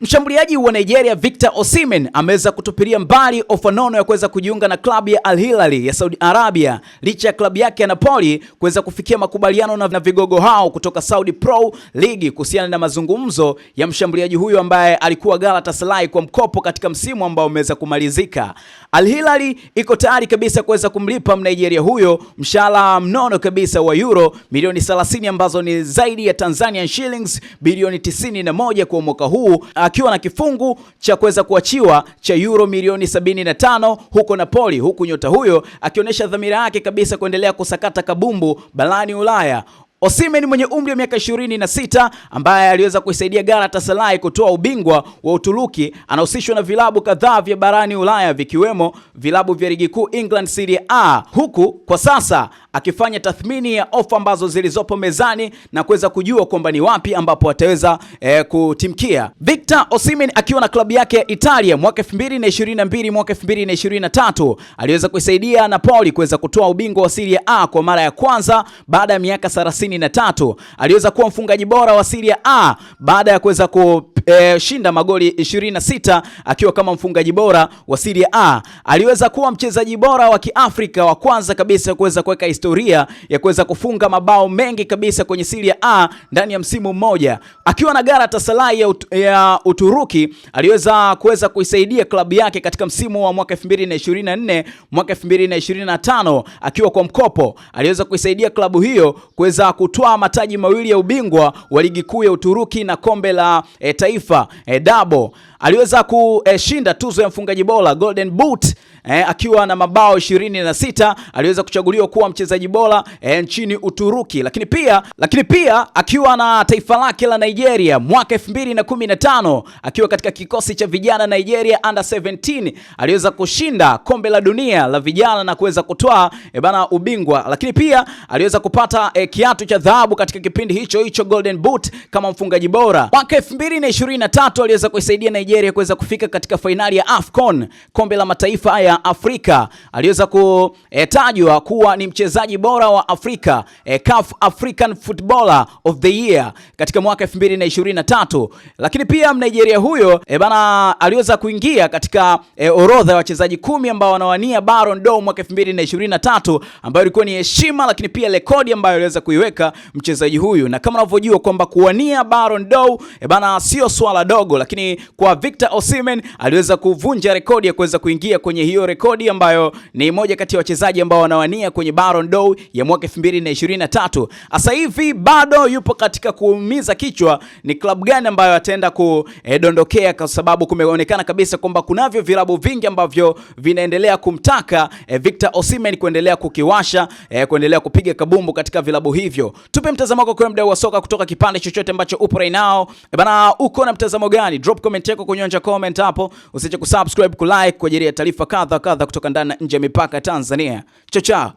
Mshambuliaji wa Nigeria Victor Osimhen ameweza kutupilia mbali ofa nono ya kuweza kujiunga na klabu ya Al Hilal ya Saudi Arabia licha ya klabu yake ya Napoli kuweza kufikia makubaliano na vigogo hao kutoka Saudi Pro League kuhusiana na mazungumzo ya mshambuliaji huyo ambaye alikuwa Galatasaray kwa mkopo katika msimu ambao umeweza kumalizika. Al Hilal iko tayari kabisa kuweza kumlipa Mnigeria huyo mshahara mnono kabisa wa euro milioni 30 ambazo ni zaidi ya Tanzanian shillings bilioni 91 kwa mwaka huu akiwa na kifungu cha kuweza kuachiwa cha euro milioni 75 huko Napoli, huku nyota huyo akionyesha dhamira yake kabisa kuendelea kusakata kabumbu barani Ulaya. Osimhen mwenye umri wa miaka 26 ambaye aliweza kuisaidia Galatasaray kutoa ubingwa wa Uturuki anahusishwa na vilabu kadhaa vya barani Ulaya vikiwemo vilabu vya ligi kuu England Serie A, huku kwa sasa akifanya tathmini ya ofa ambazo zilizopo mezani na kuweza kujua kwamba ni wapi ambapo ataweza e, kutimkia. Victor Osimhen akiwa na klabu yake ya Italia mwaka 2022 mwaka 2023 aliweza kuisaidia Napoli kuweza kutoa ubingwa wa Serie A kwa mara ya kwanza baada ya miaka 33. Aliweza kuwa mfungaji bora wa Serie A baada ya kuweza ku e, shinda magoli 26 akiwa kama mfungaji bora wa Serie A. Aliweza kuwa mchezaji bora wa Kiafrika wa kwanza kabisa kuweza kuweka historia ya kuweza kufunga mabao mengi kabisa kwenye Serie A ndani ya msimu mmoja. Akiwa na Galatasaray ya, ut ya Uturuki aliweza kuweza kuisaidia klabu yake katika msimu wa mwaka 2024 mwaka 2025 akiwa kwa mkopo aliweza kuisaidia klabu hiyo kuweza kutwaa mataji mawili ya ubingwa wa ligi kuu ya Uturuki na kombe la e, taifa taifa e, eh, double aliweza kushinda tuzo ya mfungaji bora Golden Boot eh, akiwa na mabao 26. Aliweza kuchaguliwa kuwa mchezaji bora eh, nchini Uturuki, lakini pia lakini pia akiwa na taifa lake la Nigeria mwaka 2015 akiwa katika kikosi cha vijana Nigeria under 17 aliweza kushinda kombe la dunia la vijana na kuweza kutoa eh, bana ubingwa, lakini pia aliweza kupata eh, kiatu cha dhahabu katika kipindi hicho hicho Golden Boot kama mfungaji bora. Mwaka 2023 aliweza kuisaidia Nigeria Nigeria kuweza kufika katika fainali ya AFCON, kombe la mataifa ya Afrika. Aliweza kutajwa eh, kuwa ni mchezaji bora wa Afrika, eh, CAF African Footballer of the Year katika mwaka 2023. Lakini pia Mnigeria huyo e bana aliweza kuingia katika e, orodha ya wachezaji kumi ambao wanawania Ballon d'Or mwaka 2023 ambayo ilikuwa ni heshima, lakini pia rekodi ambayo aliweza kuiweka mchezaji huyu, na kama unavyojua kwamba kuwania Ballon d'Or e bana sio swala dogo, lakini kwa Victor Osimhen aliweza kuvunja rekodi ya kuweza kuingia kwenye hiyo rekodi ambayo ni moja kati ya wachezaji ambao wanawania kwenye Ballon d'Or ya mwaka 2023. Sasa hivi bado yupo katika kuumiza kichwa ni klabu gani ambayo ataenda kudondokea, kwa sababu kumeonekana kabisa kwamba kunavyo vilabu vingi ambavyo vinaendelea kumtaka eh, Victor Osimhen kuendelea kukiwasha eh, kuendelea kupiga kabumbu katika vilabu hivyo. Tupe mtazamo wako kwa mdau wa soka kutoka kipande chochote ambacho upo right now. Eh, bana, uko na mtazamo gani? Drop comment yako kunyonja comment hapo, usiache kusubscribe, kulike kwa ajili ya taarifa kadha kadha kutoka ndani na nje ya mipaka ya Tanzania. Chao chao.